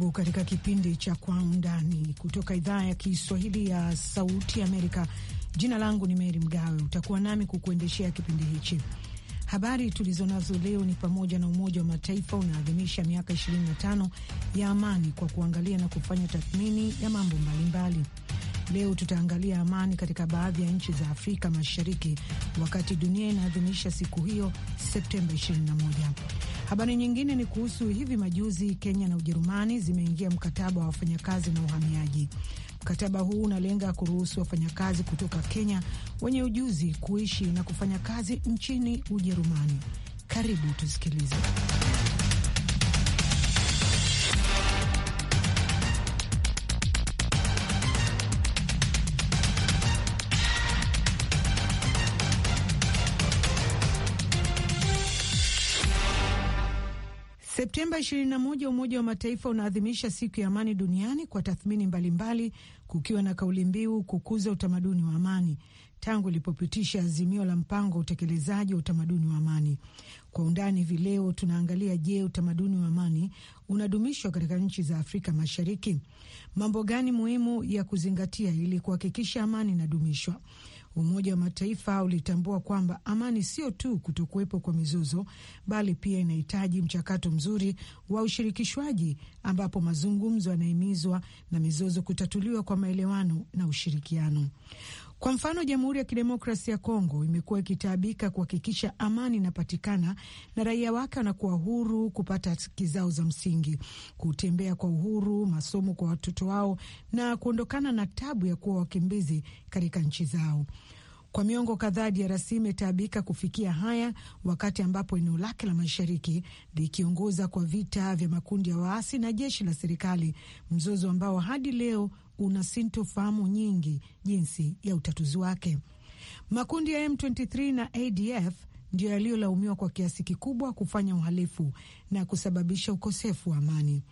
karibu katika kipindi cha Kwa Undani kutoka idhaa ya Kiswahili ya Sauti Amerika. Jina langu ni Meri Mgawe, utakuwa nami kukuendeshea kipindi hichi. Habari tulizonazo leo ni pamoja na Umoja wa Mataifa unaadhimisha miaka 25 ya amani kwa kuangalia na kufanya tathmini ya mambo mbalimbali. Leo tutaangalia amani katika baadhi ya nchi za Afrika Mashariki, wakati dunia inaadhimisha siku hiyo Septemba 21 Habari nyingine ni kuhusu hivi majuzi, Kenya na Ujerumani zimeingia mkataba wa wafanyakazi na uhamiaji. Mkataba huu unalenga kuruhusu wafanyakazi kutoka Kenya wenye ujuzi kuishi na kufanya kazi nchini Ujerumani. Karibu tusikilize. Septemba 21 Umoja wa Mataifa unaadhimisha siku ya amani duniani kwa tathmini mbalimbali, kukiwa na kauli mbiu kukuza utamaduni wa amani tangu ilipopitisha azimio la mpango wa utekelezaji wa utamaduni wa amani. Kwa undani hivi leo tunaangalia, je, utamaduni wa amani unadumishwa katika nchi za Afrika Mashariki? Mambo gani muhimu ya kuzingatia ili kuhakikisha amani inadumishwa? Umoja wa Mataifa ulitambua kwamba amani sio tu kutokuwepo kwa mizozo, bali pia inahitaji mchakato mzuri wa ushirikishwaji, ambapo mazungumzo yanahimizwa na mizozo kutatuliwa kwa maelewano na ushirikiano. Kwa mfano, Jamhuri ya Kidemokrasia ya Kongo imekuwa ikitaabika kuhakikisha amani inapatikana na raia wake wanakuwa huru kupata haki zao za msingi, kutembea kwa uhuru, masomo kwa watoto wao na kuondokana na tabu ya kuwa wakimbizi katika nchi zao. Kwa miongo kadhaa DRC imetaabika kufikia haya, wakati ambapo eneo lake la mashariki likiongoza kwa vita vya makundi ya waasi na jeshi la serikali, mzozo ambao hadi leo una sintofahamu nyingi jinsi ya utatuzi wake. Makundi ya M23 na ADF ndiyo yaliyolaumiwa kwa kiasi kikubwa kufanya uhalifu na kusababisha ukosefu wa amani.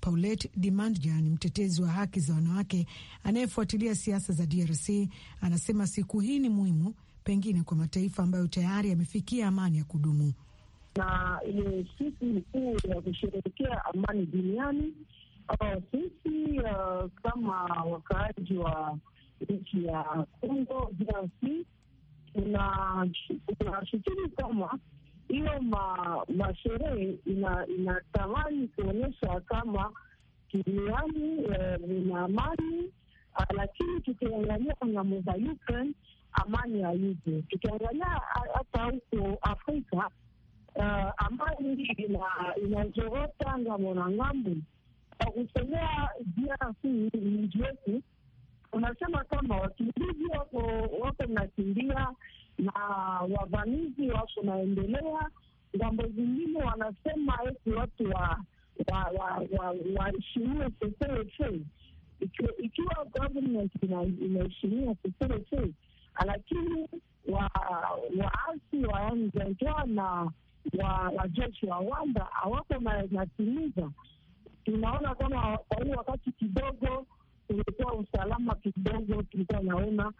Paulette Dimandjan, mtetezi wa haki za wanawake anayefuatilia siasa za DRC, anasema siku hii ni muhimu, pengine kwa mataifa ambayo tayari yamefikia amani ya kudumu na ile siku kuu ya kusherehekea amani duniani Uh, sisi uh, kama wakaaji wa nchi ya Kongo DRC tunashukuru kama hiyo masherehe inatamani kuonyesha kama duniani lina eh, amani, ah, lakini tukiangalia ng'ambo za Ukraine amani haipo. Tukiangalia hata huko Afrika ah, amani inazorota ngamo na ng'ambo kwa kusemea DRC ni nchi yetu, unasema kwamba wakimbizi wako wako nakimbia na wavamizi wako naendelea. Ngambo zingine wanasema eti watu wa waheshimia wa, wa, wa seserefe ikiwa government inaheshimia seserefe, lakini waasi wa, na wajeshi wa Rwanda hawako natimiza tunaona kama kwa hiyo wakati kidogo ulikuwa usalama kidogo, tulikuwa naona,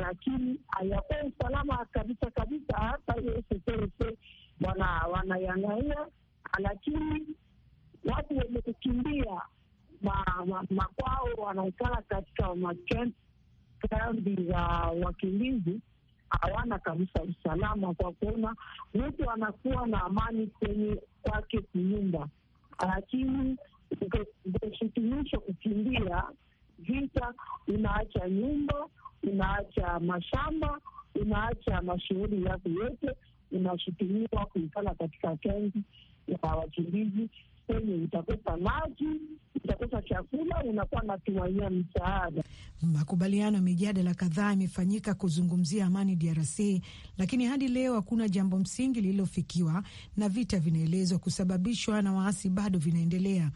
lakini hayakuwa usalama kabisa kabisa. Hata hiyo SSLC wanayang'aia, lakini watu wenye kukimbia makwao wanaikala katika makambi za wakimbizi hawana kabisa usalama, kwa kuona mtu anakuwa na amani kwenye kwake kunyumba, lakini Ukihitimisha kukimbia vita, unaacha nyumba, unaacha mashamba, unaacha mashughuli yako yote, unashutumiwa kuikala katika kengi ya wakimbizi kwenye utakosa maji, utakosa chakula, unakuwa natumania msaada. Makubaliano ya mijadala kadhaa yamefanyika kuzungumzia amani DRC, lakini hadi leo hakuna jambo msingi lililofikiwa, na vita vinaelezwa kusababishwa na waasi bado vinaendelea.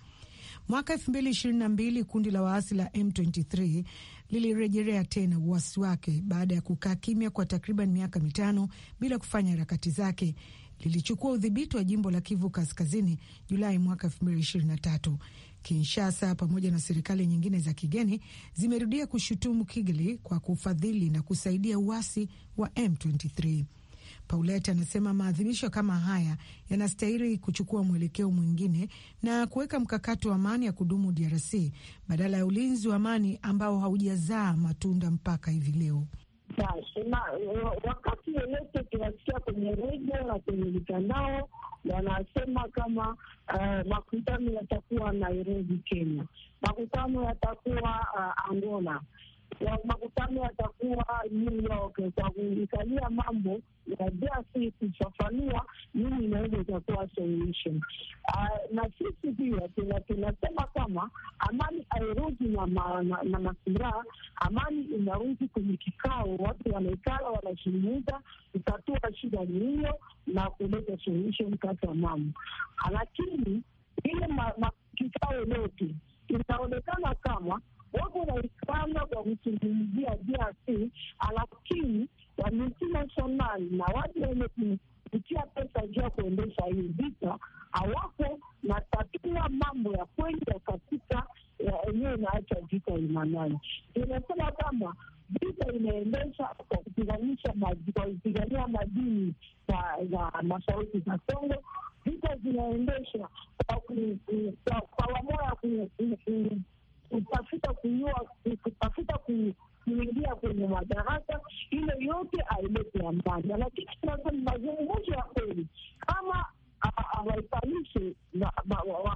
Mwaka 2022 kundi la waasi la M23 lilirejelea tena uasi wake baada ya kukaa kimya kwa takriban miaka mitano bila kufanya harakati zake. Lilichukua udhibiti wa jimbo la Kivu Kaskazini Julai mwaka 2023. Kinshasa pamoja na serikali nyingine za kigeni zimerudia kushutumu Kigali kwa kufadhili na kusaidia uasi wa M23. Paulette anasema maadhimisho kama haya yanastahili kuchukua mwelekeo mwingine na kuweka mkakati wa amani ya kudumu DRC badala ya ulinzi wa amani ambao haujazaa matunda mpaka hivi leo. wakati yoyote tunasikia kwenye redio na kwenye mitandao wanasema kama uh, makutano yatakuwa Nairobi, Kenya, makutano yatakuwa uh, Angola ya makutano yatakuwa New York. Kwa kuikalia mambo ya DRC, kufafanua nini inaweza itakuwa solution. Ah, na sisi pia tunasema kama amani airuzi na masiraha, amani inarudi kwenye kikao, watu wanaikala, wanazungumza kutatua shida hiyo na kuleta solution kati ya mambo, lakini ile kikao lote inaonekana kama wako wanaipanga kwa kuzungumzia DRC, lakini wa multinational na watu wenye kupitia pesa juu ya kuendesha hii vita hawako na tatua mambo ya kweli ya katika yenyewe inaacha vita imanani. Inasema kama vita inaendesha kwa kupiganisha kwa kupigania madini za mashariki za Kongo, vita zinaendesha kwa wamoya kutafuta kuua, kutafuta kuingia kwenye madaraka, ile yote ailete amani, lakini mazungumzo ya kweli kama waifanyishe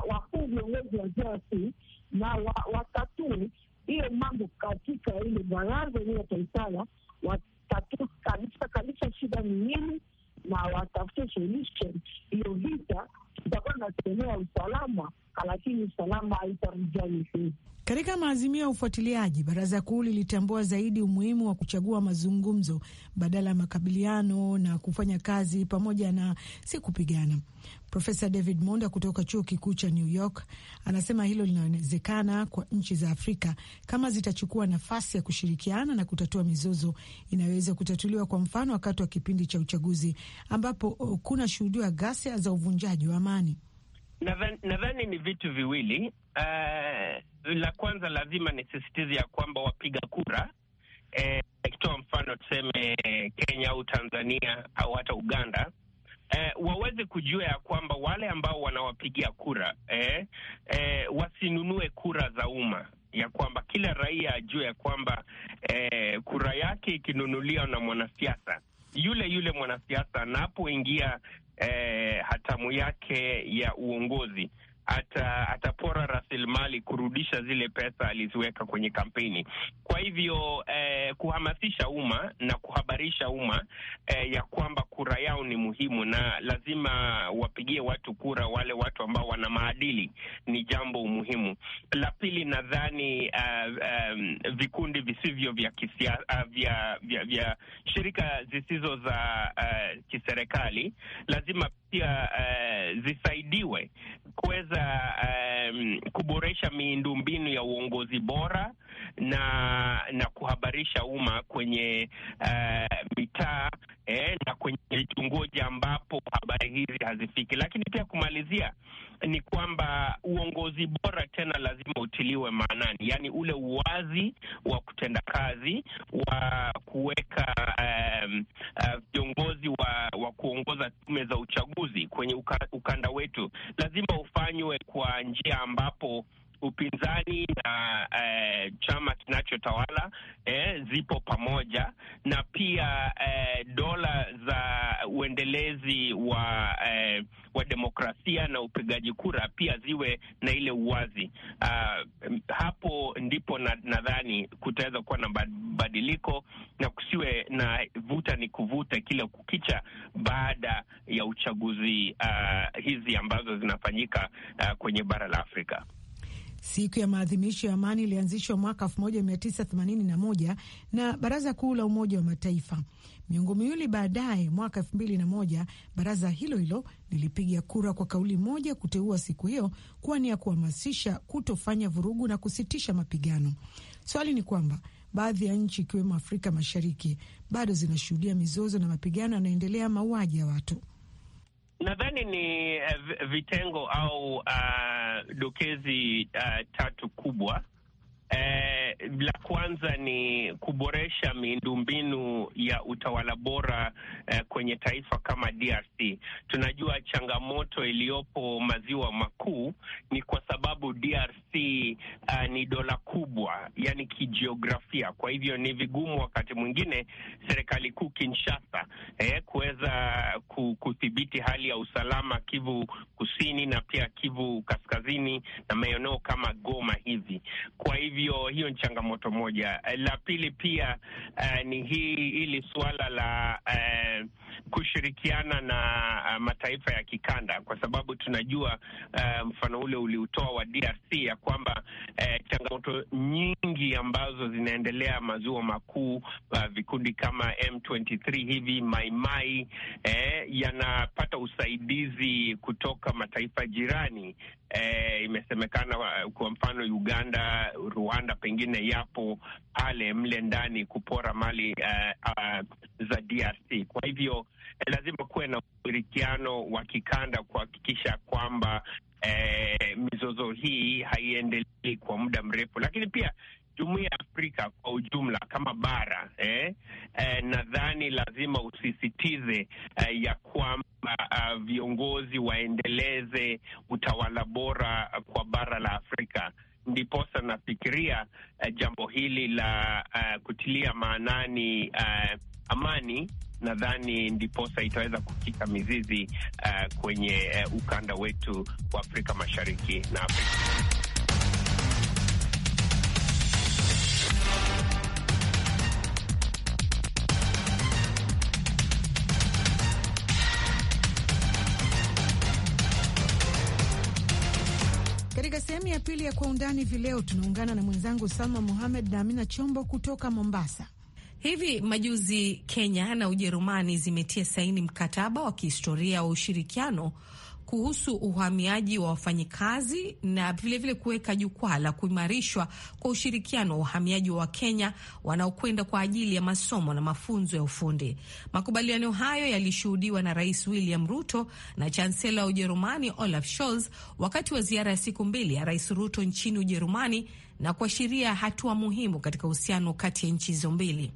wakuu viongozi wa DRC na watatue hiyo mambo katika ile baraza ni taitala, watatue kabisa kabisa shida ni nini na watafute solution. Hiyo vita itakuwa inategemea usalama, lakini usalama haitamjani sisi. Katika maazimio ya ufuatiliaji, baraza kuu lilitambua zaidi umuhimu wa kuchagua mazungumzo badala ya makabiliano na kufanya kazi pamoja na si kupigana. Profesa David Monda kutoka chuo kikuu cha New York anasema hilo linawezekana kwa nchi za Afrika kama zitachukua nafasi ya kushirikiana na kutatua mizozo inayoweza kutatuliwa, kwa mfano wakati wa kipindi cha uchaguzi ambapo eh, kuna shuhudiwa ghasia za uvunjaji wa amani. Nadhani ni vitu viwili. Uh, la kwanza lazima nisisitize ya kwamba wapiga kura eh, kitoa mfano tuseme Kenya au Tanzania au hata Uganda eh, waweze kujua ya kwamba wale ambao wanawapigia kura eh, eh, wasinunue kura za umma ya kwamba kila raia ajue ya kwamba eh, kura yake ikinunuliwa na mwanasiasa yule yule mwanasiasa anapoingia atamu yake ya uongozi ata, ata mali kurudisha zile pesa aliziweka kwenye kampeni. Kwa hivyo eh, kuhamasisha umma na kuhabarisha umma eh, ya kwamba kura yao ni muhimu na lazima wapigie watu kura wale watu ambao wana maadili ni jambo muhimu. La pili, nadhani uh, um, vikundi visivyo vya kisia, uh, vya, vya, vya shirika zisizo za uh, kiserikali lazima pia uh, zisaidiwe kuweza um, kuboresha miundombinu ya uongozi bora na na kuhabarisha umma kwenye uh, mitaa eh, na kwenye vitongoji ambapo habari hizi hazifiki. Lakini pia kumalizia ni kwamba uongozi bora tena lazima utiliwe maanani, yaani ule uwazi wa kutenda kazi wa kuweka eh, viongozi um, uh, wa, wa kuongoza tume za uchaguzi kwenye uka, ukanda wetu lazima ufanywe kwa njia ambapo upinzani na eh, chama kinachotawala eh, zipo pamoja na pia eh, dola za uendelezi wa eh, wa demokrasia na upigaji kura pia ziwe na ile uwazi. Uh, hapo ndipo nadhani na kutaweza kuwa na badiliko na kusiwe na vuta ni kuvuta kila kukicha baada ya uchaguzi uh, hizi ambazo zinafanyika uh, kwenye bara la Afrika. Siku ya maadhimisho ya amani ilianzishwa mwaka 1981 na Baraza Kuu la Umoja wa Mataifa. Miongo miwili baadaye, mwaka 2001, baraza hilo hilo lilipiga kura kwa kauli moja kuteua siku hiyo kuwa ni ya kuhamasisha kutofanya vurugu na kusitisha mapigano. Swali ni kwamba baadhi ya nchi ikiwemo Afrika Mashariki bado zinashuhudia mizozo na mapigano yanaendelea, mauaji ya watu. Nadhani ni eh, vitengo au uh, dokezi uh, tatu kubwa. Eh, la kwanza ni kuboresha miundombinu ya utawala bora eh, kwenye taifa kama DRC. Tunajua changamoto iliyopo maziwa makuu ni kwa sababu DRC eh, ah, ni dola kubwa, yani kijiografia. Kwa hivyo ni vigumu wakati mwingine serikali kuu Kinshasa eh, kuweza kudhibiti hali ya usalama Kivu Kusini na pia Kivu Kaskazini na maeneo kama Goma hivi. Kwa hivyo hiyo ni changamoto moja. Eh, la pili pia uh, ni hii hili suala la uh, kushirikiana na uh, mataifa ya kikanda, kwa sababu tunajua uh, mfano ule uliutoa wa DRC ya kwamba uh, changamoto nyingi ambazo zinaendelea maziwa makuu uh, vikundi kama M23 hivi maimai eh, yanapata usaidizi kutoka mataifa jirani. Eh, imesemekana uh, kwa mfano Uganda, Rwanda pengine yapo pale mle ndani kupora mali uh, uh, za DRC. Kwa hivyo Eh, lazima kuwe na ushirikiano wa kikanda kuhakikisha kwamba eh, mizozo hii haiendelei kwa muda mrefu, lakini pia jumuiya ya Afrika kwa ujumla kama bara eh, eh, nadhani lazima usisitize eh, ya kwamba uh, viongozi waendeleze utawala bora kwa bara la Afrika ndiposa nafikiria uh, jambo hili la uh, kutilia maanani uh, amani nadhani ndiposa itaweza kukika mizizi uh, kwenye uh, ukanda wetu wa Afrika Mashariki na Afrika Katika sehemu ya pili ya Kwa Undani hivi leo tunaungana na mwenzangu Salma Mohamed na Amina Chombo kutoka Mombasa. Hivi majuzi Kenya na Ujerumani zimetia saini mkataba wa kihistoria wa ushirikiano kuhusu uhamiaji wa wafanyikazi na vilevile kuweka jukwaa la kuimarishwa kwa ushirikiano wa uhamiaji wa Wakenya wanaokwenda kwa ajili ya masomo na mafunzo ya ufundi. Makubaliano hayo yalishuhudiwa na Rais William Ruto na Chansela wa Ujerumani Olaf Scholz wakati wa ziara ya siku mbili ya Rais Ruto nchini Ujerumani na kuashiria hatua muhimu katika uhusiano kati ya nchi hizo mbili.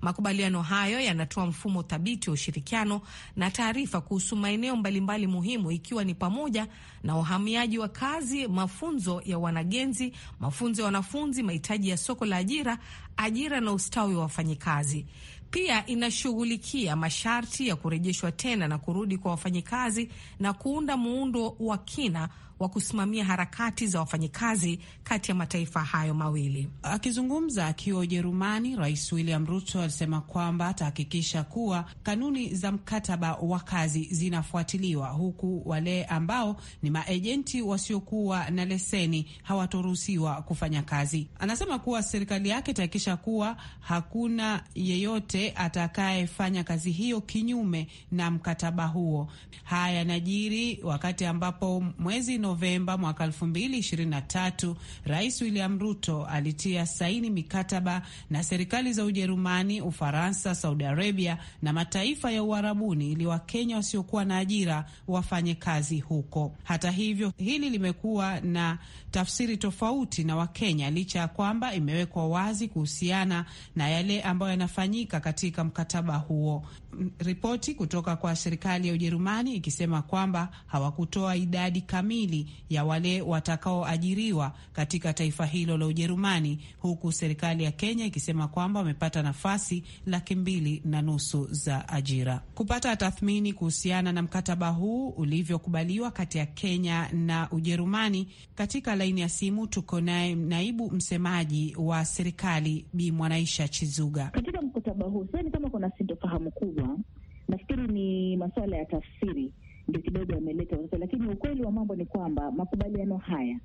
Makubaliano hayo yanatoa mfumo thabiti wa ushirikiano na taarifa kuhusu maeneo mbalimbali muhimu, ikiwa ni pamoja na uhamiaji wa kazi, mafunzo ya wanagenzi, mafunzo ya wanafunzi, mahitaji ya soko la ajira, ajira na ustawi wa wafanyikazi. Pia inashughulikia masharti ya kurejeshwa tena na kurudi kwa wafanyikazi na kuunda muundo wa kina wa kusimamia harakati za wafanyikazi kati ya mataifa hayo mawili. Akizungumza akiwa Ujerumani, Rais William Ruto alisema kwamba atahakikisha kuwa kanuni za mkataba wa kazi zinafuatiliwa, huku wale ambao ni maejenti wasiokuwa na leseni hawatoruhusiwa kufanya kazi. Anasema kuwa serikali yake itahakikisha kuwa hakuna yeyote atakayefanya kazi hiyo kinyume na mkataba huo. Haya yanajiri wakati ambapo mwezi Novemba mwaka 2023 Rais William Ruto alitia saini mikataba na serikali za Ujerumani, Ufaransa, Saudi Arabia na mataifa ya Uarabuni ili Wakenya wasiokuwa na ajira wafanye kazi huko. Hata hivyo, hili limekuwa na tafsiri tofauti na Wakenya licha ya kwamba imewekwa wazi kuhusiana na yale ambayo yanafanyika katika mkataba huo ripoti kutoka kwa serikali ya Ujerumani ikisema kwamba hawakutoa idadi kamili ya wale watakaoajiriwa katika taifa hilo la Ujerumani, huku serikali ya Kenya ikisema kwamba wamepata nafasi laki mbili na nusu za ajira. Kupata tathmini kuhusiana na mkataba huu ulivyokubaliwa kati ya Kenya na Ujerumani, katika laini ya simu tuko naye naibu msemaji wa serikali Bi Mwanaisha Chizuga. Katika mkataba huu na ndo fahamu kubwa. Nafikiri ni masuala ya tafsiri ndio kidogo yameleta sasa, lakini ukweli wa mambo ni kwamba makubaliano haya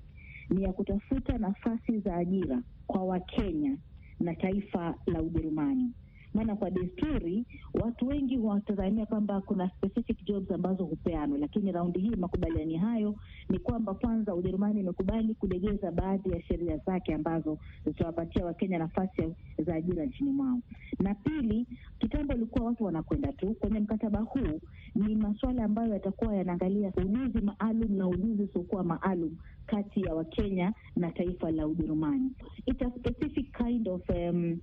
ni ya kutafuta nafasi za ajira kwa Wakenya na taifa la Ujerumani maana kwa desturi watu wengi watazamia kwamba kuna specific jobs ambazo hupeanwa, lakini raundi hii makubaliani hayo ni kwamba kwanza, Ujerumani imekubali kulegeza baadhi ya sheria zake ambazo zitawapatia Wakenya nafasi za ajira nchini mwao, na pili, kitambo ilikuwa watu wanakwenda tu. Kwenye mkataba huu ni masuala ambayo yatakuwa yanaangalia ujuzi maalum na ujuzi usiokuwa maalum kati ya Wakenya na taifa la Ujerumani. It's a specific kind of um,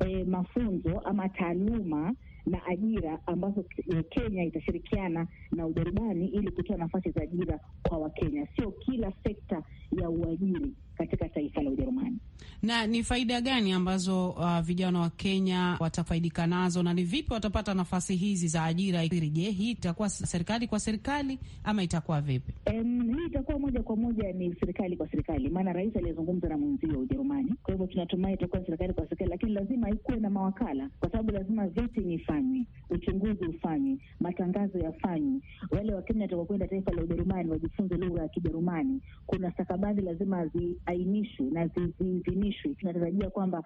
uh, mafunzo ama taaluma na ajira ambazo Kenya itashirikiana na Ujerumani ili kutoa nafasi za ajira kwa Wakenya. Sio kila sekta ya uajiri katika taifa la Ujerumani. Na ni faida gani ambazo uh, vijana wa Kenya watafaidika nazo na ni vipi watapata nafasi hizi za ajira? Je, hii itakuwa serikali kwa serikali ama itakuwa vipi? Um, hii itakuwa moja kwa moja ni serikali kwa serikali, maana rais aliyezungumza na mwenzio wa Ujerumani. Kwa hivyo tunatumai itakuwa serikali kwa serikali, lakini lazima ikuwe na mawakala, kwa sababu lazima vetting ifanywe, uchunguzi ufanywe, matangazo yafanywe. Wale Wakenya watakaokwenda taifa la Ujerumani wajifunze lugha ya Kijerumani. Kuna stakabadhi lazima ziainishwe na ziidhinishwe. Tunatarajia kwamba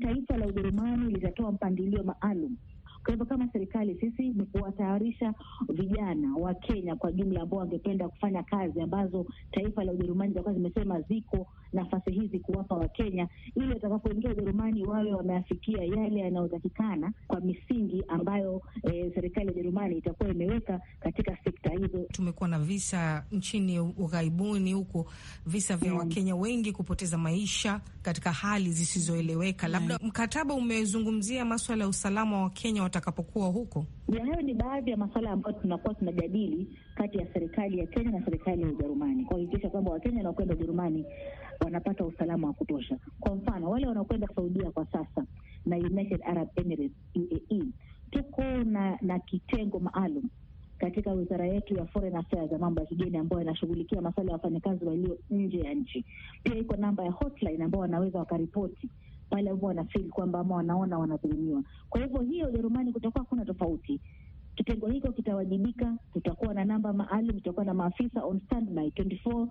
taifa la Ujerumani litatoa mpangilio maalum kwa hivyo kama serikali sisi ni kuwatayarisha vijana wa Kenya kwa jumla ambao wangependa kufanya kazi ambazo taifa la Ujerumani zitakuwa zimesema ziko nafasi kuwapa Wakenya ili watakapoingia Ujerumani wawe wameafikia yale yanayotakikana kwa misingi ambayo e, serikali ya Ujerumani itakuwa imeweka katika sekta hizo. Tumekuwa na visa nchini ughaibuni huko, visa vya mm, Wakenya wengi kupoteza maisha katika hali zisizoeleweka. Mm. Labda mkataba umezungumzia maswala ya usalama wa Wakenya watakapokuwa huko. Hayo ni baadhi ya masuala ambayo tunakuwa tunajadili kati ya serikali ya Kenya na serikali ya Ujerumani kuhakikisha kwamba Wakenya wanaokwenda Ujerumani wanapata usalama wa kutosha. Kwa mfano wale wanaokwenda Saudia kwa sasa na United Arab Emirates UAE, tuko na, na kitengo maalum katika wizara yetu ya Foreign Affairs ya mambo ya kigeni ambayo inashughulikia masuala ya wafanyakazi walio nje ya nchi. Pia iko namba ya hotline ambao wanaweza wakaripoti pale ambao wanafeel kwamba ama wanaona wanadhulumiwa. Kwa hivyo hiyo Ujerumani kutakuwa hakuna tofauti. Kitengo hiko kitawajibika, tutakuwa na namba maalum, tutakuwa na maafisa on standby 24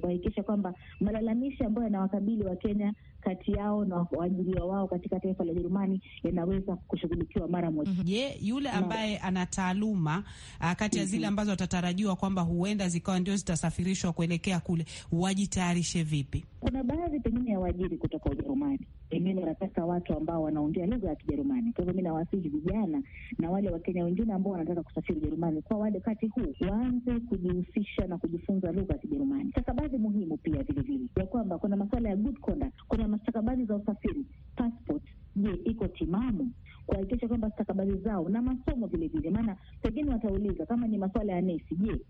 kuhakikisha kwamba malalamishi ambayo yanawakabili Wakenya kati yao na waajiriwa wao katika taifa la Ujerumani yanaweza kushughulikiwa mara moja. Mhm. Je, mm -hmm. yeah, yule ambaye no. ana taaluma ah, kati ya mm -hmm. zile mhm. ambazo watatarajiwa kwamba huenda zikawa ndio zitasafirishwa kuelekea kule, wajitayarishe vipi? Kuna baadhi pengine ya waajiri kutoka Ujerumani pengine wanataka watu ambao wanaongea lugha ya Kijerumani. Kwa hivyo mi nawasihi vijana na wale Wakenya wengine ambao wanataka kusafiri Ujerumani kwa wakati huu waanze kujihusisha na kujifunza lugha ya Kijerumani stakabadhi muhimu pia vilevile ya kwamba kuna masuala ya good conduct, kuna stakabadhi za usafiri passport, je, iko timamu kuhakikisha kwamba stakabadhi zao na masomo vilevile. Maana pengine watauliza kama ni masuala ya nesi, je,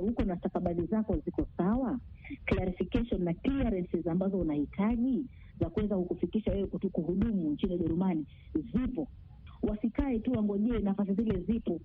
huko eh, na stakabadhi zako ziko sawa? Clarification na clearances ambazo unahitaji za kuweza kukufikisha wewe kuhudumu nchini Ujerumani zipo, wasikae tu wangojee nafasi zile zipo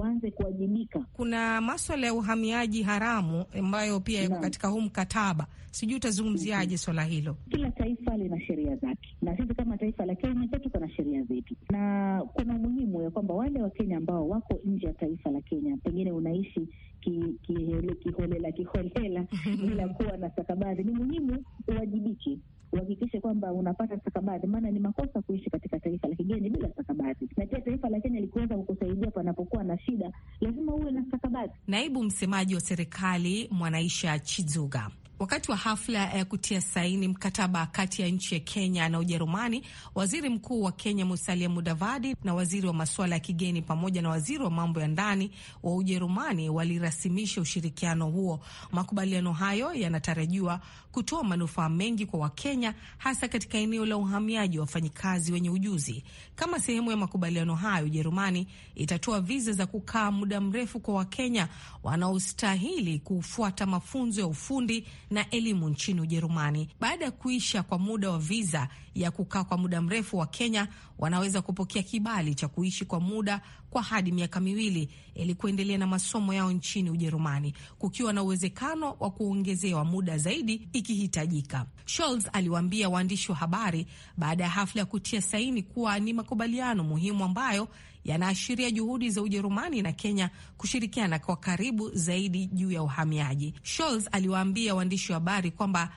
waanze kuwajibika. Kuna maswala ya uhamiaji haramu ambayo pia yako katika huu mkataba, sijui utazungumziaje swala hilo? Kila taifa lina sheria zake, na sisi kama taifa la Kenya pia kuna na sheria zetu, na kuna umuhimu ya kwamba wale Wakenya ambao wako nje ya taifa la Kenya, pengine unaishi kiholela ki, kiholela bila kuwa na stakabadhi, ni muhimu uwajibike uhakikishe kwamba unapata stakabadhi, maana ni makosa kuishi katika taifa la kigeni bila stakabadhi. Na pia taifa la Kenya likiweza kukusaidia panapokuwa na shida, lazima uwe na stakabadhi. Naibu msemaji wa serikali Mwanaisha Chizuga Wakati wa hafla ya kutia saini mkataba kati ya nchi ya Kenya na Ujerumani, waziri mkuu wa Kenya Musalia Mudavadi na waziri wa masuala ya kigeni pamoja na waziri wa mambo ya ndani wa Ujerumani walirasimisha ushirikiano huo. Makubaliano hayo yanatarajiwa kutoa manufaa mengi kwa Wakenya, hasa katika eneo la uhamiaji wa wafanyikazi wenye ujuzi. Kama sehemu ya makubaliano hayo, Ujerumani itatoa viza za kukaa muda mrefu kwa Wakenya wanaostahili kufuata mafunzo ya ufundi na elimu nchini Ujerumani. Baada ya kuisha kwa muda wa viza, ya kukaa kwa muda mrefu wa Kenya wanaweza kupokea kibali cha kuishi kwa muda kwa hadi miaka miwili ili kuendelea na masomo yao nchini Ujerumani, kukiwa na uwezekano wa kuongezewa muda zaidi ikihitajika. Scholz aliwaambia waandishi wa habari baada ya hafla ya kutia saini kuwa ni makubaliano muhimu ambayo yanaashiria juhudi za Ujerumani na Kenya kushirikiana kwa karibu zaidi juu ya uhamiaji. Scholz aliwaambia waandishi wa habari kwamba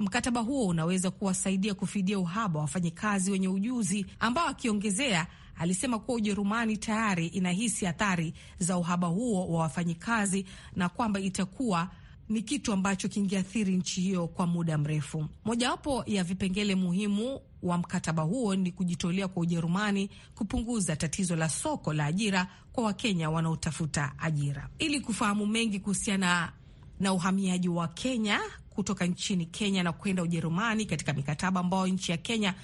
Mkataba huo unaweza kuwasaidia kufidia uhaba wa wafanyikazi wenye ujuzi ambao, akiongezea, alisema kuwa Ujerumani tayari inahisi athari za uhaba huo wa wafanyikazi na kwamba itakuwa ni kitu ambacho kingeathiri nchi hiyo kwa muda mrefu. Mojawapo ya vipengele muhimu wa mkataba huo ni kujitolea kwa Ujerumani kupunguza tatizo la soko la ajira kwa Wakenya wanaotafuta ajira. Ili kufahamu mengi kuhusiana na uhamiaji wa Kenya kutoka nchini Kenya na kwenda Ujerumani katika mikataba ambayo nchi ya Kenya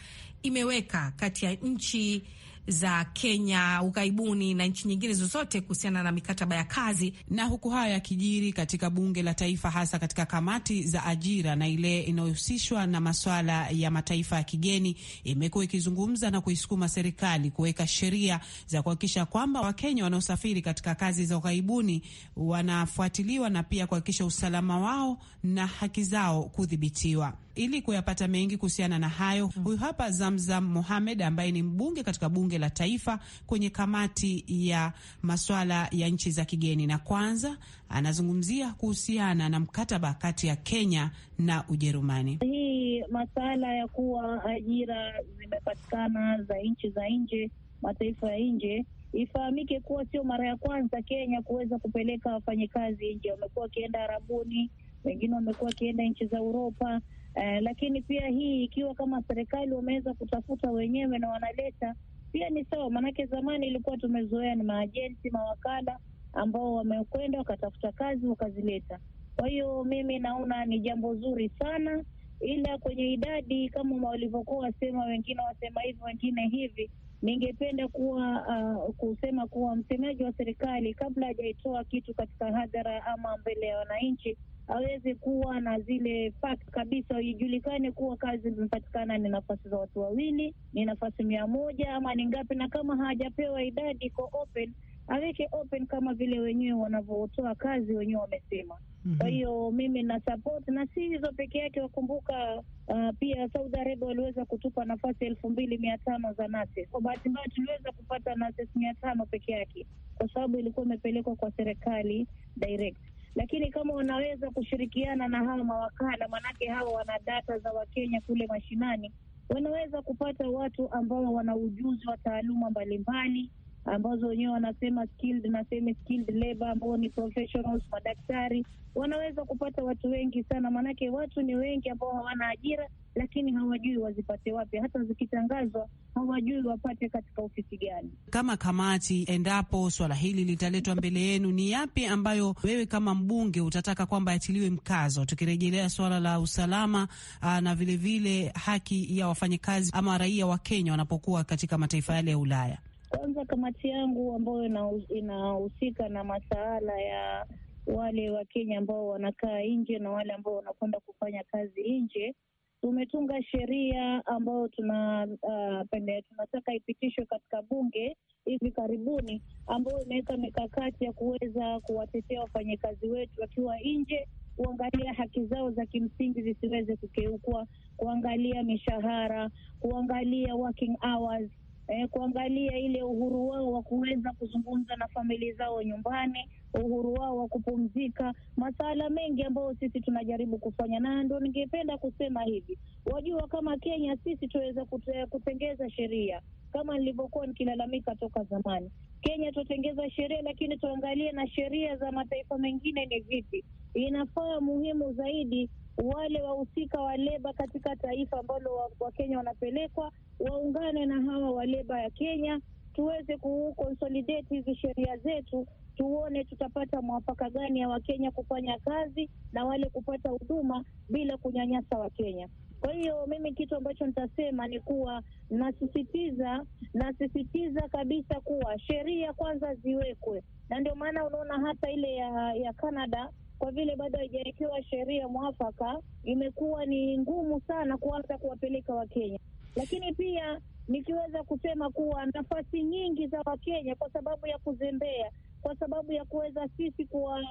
imeweka kati ya nchi za Kenya, ughaibuni na nchi nyingine zozote kuhusiana na mikataba ya kazi. Na huku haya yakijiri, katika bunge la taifa, hasa katika kamati za ajira na ile inayohusishwa na maswala ya mataifa ya kigeni, imekuwa ikizungumza na kuisukuma serikali kuweka sheria za kuhakikisha kwamba Wakenya wanaosafiri katika kazi za ughaibuni wanafuatiliwa na pia kuhakikisha usalama wao na haki zao kudhibitiwa. Ili kuyapata mengi kuhusiana na hayo, huyu hapa Zamzam Mohamed ambaye ni mbunge katika bunge la taifa kwenye kamati ya maswala ya nchi za kigeni, na kwanza anazungumzia kuhusiana na mkataba kati ya Kenya na Ujerumani. Hii masala ya kuwa ajira zimepatikana za nchi za nje, mataifa ya nje Ifahamike kuwa sio mara ya kwanza Kenya kuweza kupeleka wafanyikazi nje. Wamekuwa wakienda Arabuni, wengine wamekuwa wakienda nchi za Uropa, eh, lakini pia hii ikiwa kama serikali wameweza kutafuta wenyewe na wanaleta pia ni sawa, maanake zamani ilikuwa tumezoea ni maajenti, mawakala ambao wamekwenda wakatafuta kazi wakazileta. Kwa hiyo mimi naona ni jambo zuri sana, ila kwenye idadi kama walivyokuwa wasema wengine, wasema hivi wengine hivi, ningependa kuwa uh, kusema kuwa msemaji wa serikali kabla hajaitoa kitu katika hadhara ama mbele ya wananchi aweze kuwa na zile fact kabisa, ijulikane kuwa kazi zimepatikana ni nafasi za watu wawili, ni nafasi mia moja ama ni ngapi, na kama hajapewa idadi iko open aweke open kama vile wenyewe wanavyotoa kazi wenyewe wamesema. mm -hmm. Kwa hiyo mimi na support na si hizo peke yake, wakumbuka uh, pia Saudi Arabia waliweza kutupa nafasi elfu mbili mia tano za nurses. Kwa bahati mbaya tuliweza kupata nurses mia tano peke yake, kwa sababu ilikuwa imepelekwa kwa serikali direct lakini kama wanaweza kushirikiana na hawa mawakala, maanake hawa wana data za Wakenya kule mashinani, wanaweza kupata watu ambao wana ujuzi wa taaluma mbalimbali ambazo wenyewe wanasema skilled, naseme skilled labor ambao ni professionals, madaktari wanaweza kupata watu wengi sana, maanake watu ni wengi ambao hawana ajira, lakini hawajui wazipate wapi, hata zikitangazwa hawajui wapate katika ofisi gani. Kama kamati, endapo swala hili litaletwa mbele yenu, ni yapi ambayo wewe kama mbunge utataka kwamba yatiliwe mkazo, tukirejelea swala la usalama aa, na vilevile vile haki ya wafanyakazi ama raia wa Kenya wanapokuwa katika mataifa yale ya Ulaya? Kwanza kamati yangu ambayo inahusika na masuala ya wale wa Kenya ambao wanakaa nje na wale ambao wanakwenda kufanya kazi nje, tumetunga sheria ambayo tuna, uh, tunataka ipitishwe katika bunge hivi karibuni, ambayo imeweka mikakati ya kuweza kuwatetea wafanyakazi wetu wakiwa nje, kuangalia haki zao za kimsingi zisiweze kukeukwa, kuangalia mishahara, kuangalia working hours eh, kuangalia ile uhuru wao wa kuweza kuzungumza na familia zao nyumbani, uhuru wao wa kupumzika, masuala mengi ambayo sisi tunajaribu kufanya, na ndo ningependa kusema hivi, wajua kama Kenya sisi tuweza kutengeza sheria kama nilivyokuwa nikilalamika toka zamani. Kenya tutengeza sheria, lakini tuangalie na sheria za mataifa mengine ni vipi. Inafaa muhimu zaidi wale wahusika wa leba katika taifa ambalo Wakenya wa wanapelekwa waungane na hawa wa leba ya Kenya, tuweze kuconsolidate hizi sheria zetu, tuone tutapata mwafaka gani ya Wakenya kufanya kazi na wale kupata huduma bila kunyanyasa Wakenya. Kwa hiyo mimi kitu ambacho nitasema ni kuwa nasisitiza, nasisitiza kabisa kuwa sheria kwanza ziwekwe, na ndio maana unaona hata ile ya, ya Canada kwa vile bado haijawekewa sheria mwafaka, imekuwa ni ngumu sana kuanza kuwapeleka Wakenya. Lakini pia nikiweza kusema kuwa nafasi nyingi za Wakenya kwa sababu ya kuzembea, kwa sababu ya kuweza sisi kuwa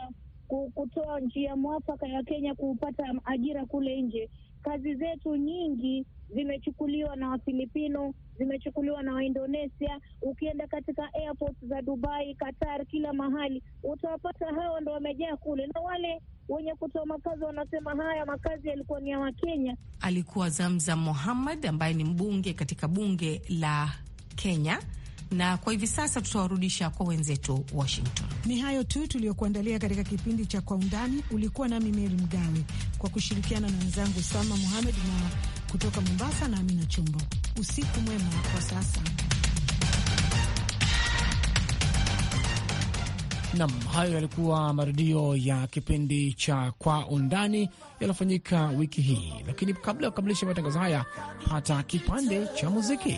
kutoa njia mwafaka ya Wakenya kupata ajira kule nje kazi zetu nyingi zimechukuliwa na Wafilipino, zimechukuliwa na Waindonesia. Ukienda katika airport za Dubai, Qatar, kila mahali utawapata hawa ndo wamejaa kule, na wale wenye kutoa makazi wanasema haya makazi yalikuwa ni ya Wakenya. Alikuwa Zamzam Muhammad ambaye ni mbunge katika bunge la Kenya na kwa hivi sasa tutawarudisha kwa wenzetu Washington. Ni hayo tu tuliyokuandalia katika kipindi cha Kwa Undani. Ulikuwa nami Meri Mgawe kwa kushirikiana na wenzangu Salma Muhamed na kutoka Mombasa na Amina Chombo. Usiku mwema kwa sasa. Nam, hayo yalikuwa marudio ya kipindi cha Kwa Undani yaliyofanyika wiki hii, lakini kabla ya kukamilisha matangazo haya, pata kipande cha muziki.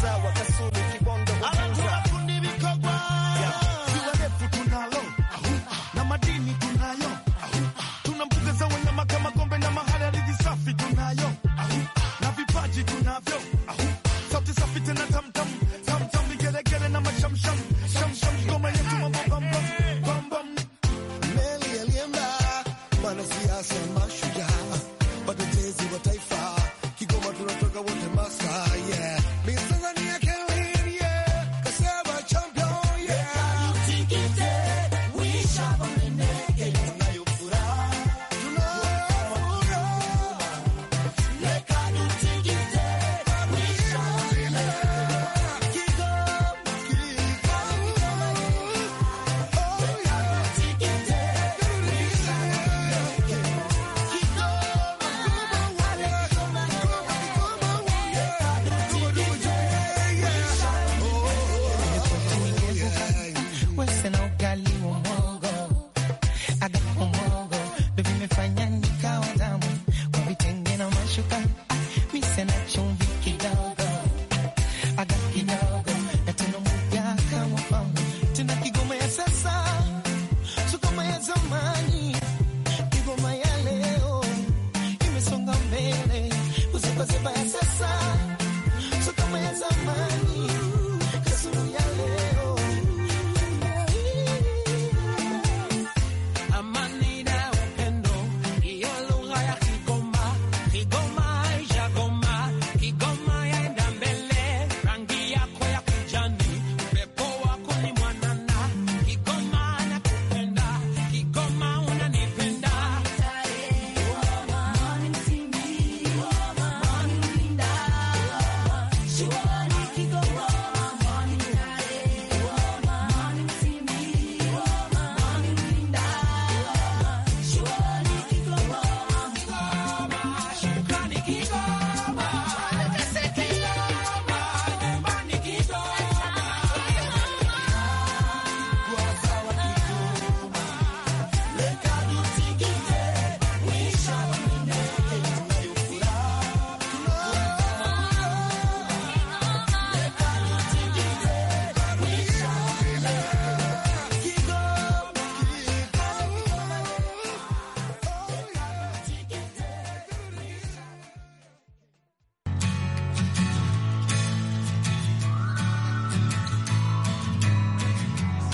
sawa kasuli